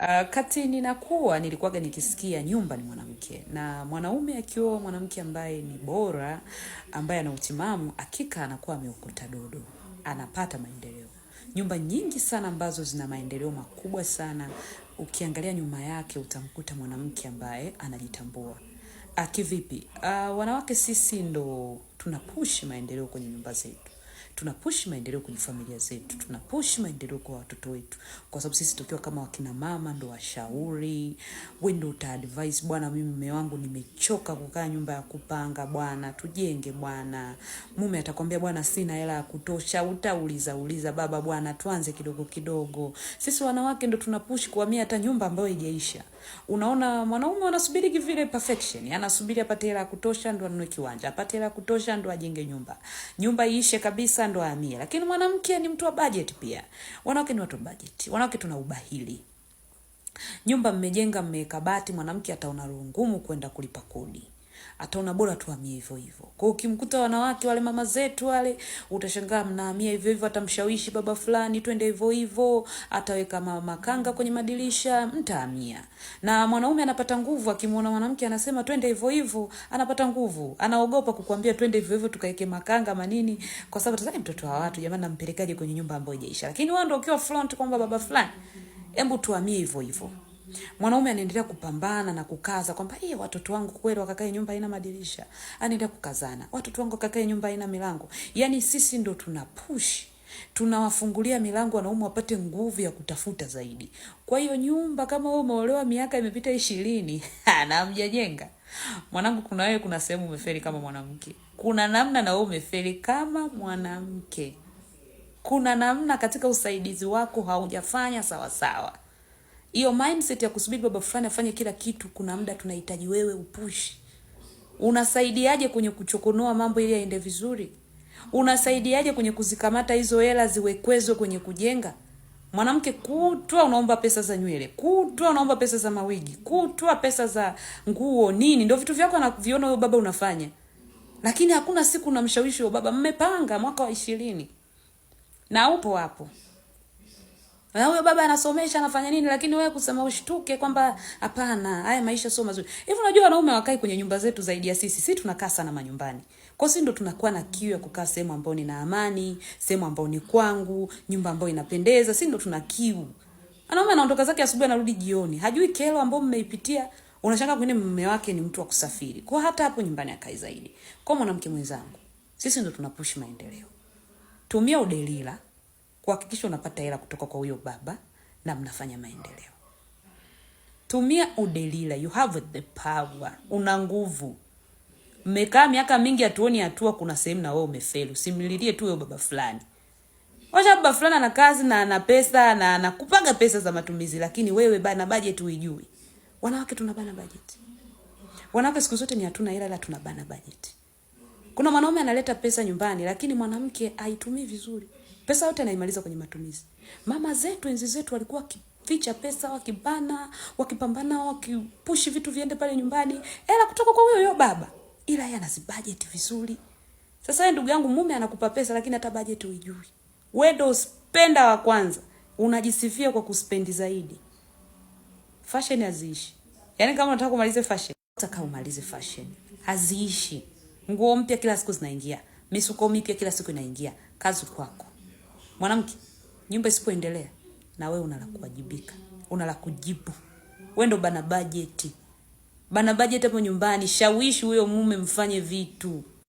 Uh, kati ninakuwa nilikuwaga nikisikia nyumba ni mwanamke na mwanaume akiwa mwanamke ambaye ni bora, ambaye ana utimamu, hakika anakuwa ameokota dodo, anapata maendeleo. Nyumba nyingi sana ambazo zina maendeleo makubwa sana, ukiangalia nyuma yake utamkuta mwanamke ambaye anajitambua. Akivipi? Ah, uh, ah, wanawake sisi ndo tunapushi maendeleo kwenye nyumba zetu tunapush maendeleo kwenye familia zetu, tunapush maendeleo kwa watoto wetu, kwa sababu sisi tukiwa kama wakina mama ndo washauri, we ndo uta bwana, mimi mume wangu nimechoka kukaa nyumba ya kupanga bwana, tujenge bwana. Mume atakwambia bwana, sina hela ya kutosha, utauliza uliza baba, bwana tuanze kidogo kidogo. Sisi wanawake ndo tunapush kuhamia hata nyumba ambayo haijaisha. Unaona mwanaume anasubiri kivile perfection, yaani anasubiri apate hela ya kutosha ndo anunue kiwanja, apate hela ya kutosha ndo ajenge nyumba, nyumba iishe kabisa ndo ahamie. Lakini mwanamke ni mtu wa budget pia. Wanawake ni watu wa budget, wanawake tuna ubahili. Nyumba mmejenga mmeweka bati, mwanamke ataona roho ngumu kwenda kulipa kodi ataona bora tuhamie hivyo hivyo. Kwa ukimkuta wanawake wale mama zetu wale, utashangaa mnahamia hivyo hivyo, atamshawishi baba fulani twende hivyo hivyo, ataweka mama kanga kwenye madirisha, mtahamia. Na mwanaume anapata nguvu akimwona mwanamke anasema twende hivyo hivyo, anapata nguvu, anaogopa kukwambia twende hivyo hivyo tukaeke makanga manini, kwa sababu tazani mtoto wa watu jamani, nampelekaje kwenye nyumba ambayo haijaisha. Lakini wewe ndio ukiwa front kwamba baba fulani, hebu tuhamie hivyo hivyo. Mwanaume anaendelea kupambana na kukaza kwamba eh, watoto wangu kweli wakakae nyumba haina madirisha. Anaendelea kukazana. Watoto wangu wakakae nyumba haina milango. Yani sisi ndo tuna push tunawafungulia milango wanaume wapate nguvu ya kutafuta zaidi. Kwa hiyo nyumba kama wewe umeolewa miaka imepita ishirini na hamjajenga mwanangu, kuna wewe, kuna sehemu umefeli kama mwanamke, kuna namna na wewe umefeli kama mwanamke, kuna namna katika usaidizi wako haujafanya sawasawa. sawa. Hiyo mindset ya kusubiri baba fulani afanye kila kitu, kuna muda tunahitaji wewe upushi. Unasaidiaje kwenye kuchokonoa mambo ili yaende vizuri? Unasaidiaje kwenye kuzikamata hizo hela ziwekwezwe kwenye kujenga? Mwanamke kutwa unaomba pesa za nywele, kutwa unaomba pesa za mawigi, kutwa pesa za nguo, nini, ndio vitu vyako anaviona huyo baba unafanya. Lakini hakuna siku unamshawishi huyo oh, baba, mmepanga mwaka wa ishirini na upo hapo. Na huyo baba anasomesha anafanya nini, lakini wewe kusema ushtuke kwamba hapana, haya maisha sio mazuri. Hivi unajua wanaume wakai kwenye nyumba zetu zaidi ya sisi, sisi tunakaa sana manyumbani. Kwa sisi ndo tunakuwa na kiu ya kukaa sehemu ambayo nina amani, sehemu ambayo ni kwangu, nyumba ambayo inapendeza, sisi ndo tuna kiu. Anaume anaondoka zake asubuhi anarudi jioni. Hajui kero ambayo mmeipitia. Unashanga kwani mume wake ni mtu wa kusafiri. Kwa hata hapo nyumbani akai zaidi. Kwa mwanamke mwenzangu, sisi ndo tunapush maendeleo. Tumia udelila kuhakikisha unapata hela kutoka kwa huyo baba na mnafanya maendeleo. Tumia udelila, you have the power, una nguvu. Mmekaa miaka mingi hatuoni hatua, kuna sehemu na wewe umefeli. Simlilie tu wewe baba fulani. Wacha baba fulani ana kazi na ana pesa na anakupanga pesa za matumizi, lakini wewe bana budget uijui. Wanawake tunabana budget. Wanawake siku zote ni hatuna hela ila tunabana budget. Kuna mwanaume analeta pesa nyumbani, lakini mwanamke haitumii vizuri. Pesa yote anaimaliza kwenye matumizi. Mama zetu enzi zetu walikuwa wakificha pesa, wakibana, wakipambana, wakipushi vitu viende pale nyumbani, hela kutoka kwa huyo huyo baba, ila yeye anazibudget vizuri. Sasa wewe ndugu yangu, mume anakupa pesa, lakini hata budget huijui. Wewe ndio spenda wa kwanza, unajisifia kwa kuspendi zaidi. Fashion haziishi, yaani kama unataka kumalize fashion, utaka umalize fashion, haziishi. Nguo mpya kila siku zinaingia, misuko mipya kila siku inaingia. Kazi kwako. Mwanamke, nyumba isipoendelea na wewe una la kuwajibika, una la kujibu. Wewe ndo bana bajeti, bana bajeti hapo nyumbani. Shawishi huyo mume mfanye vitu.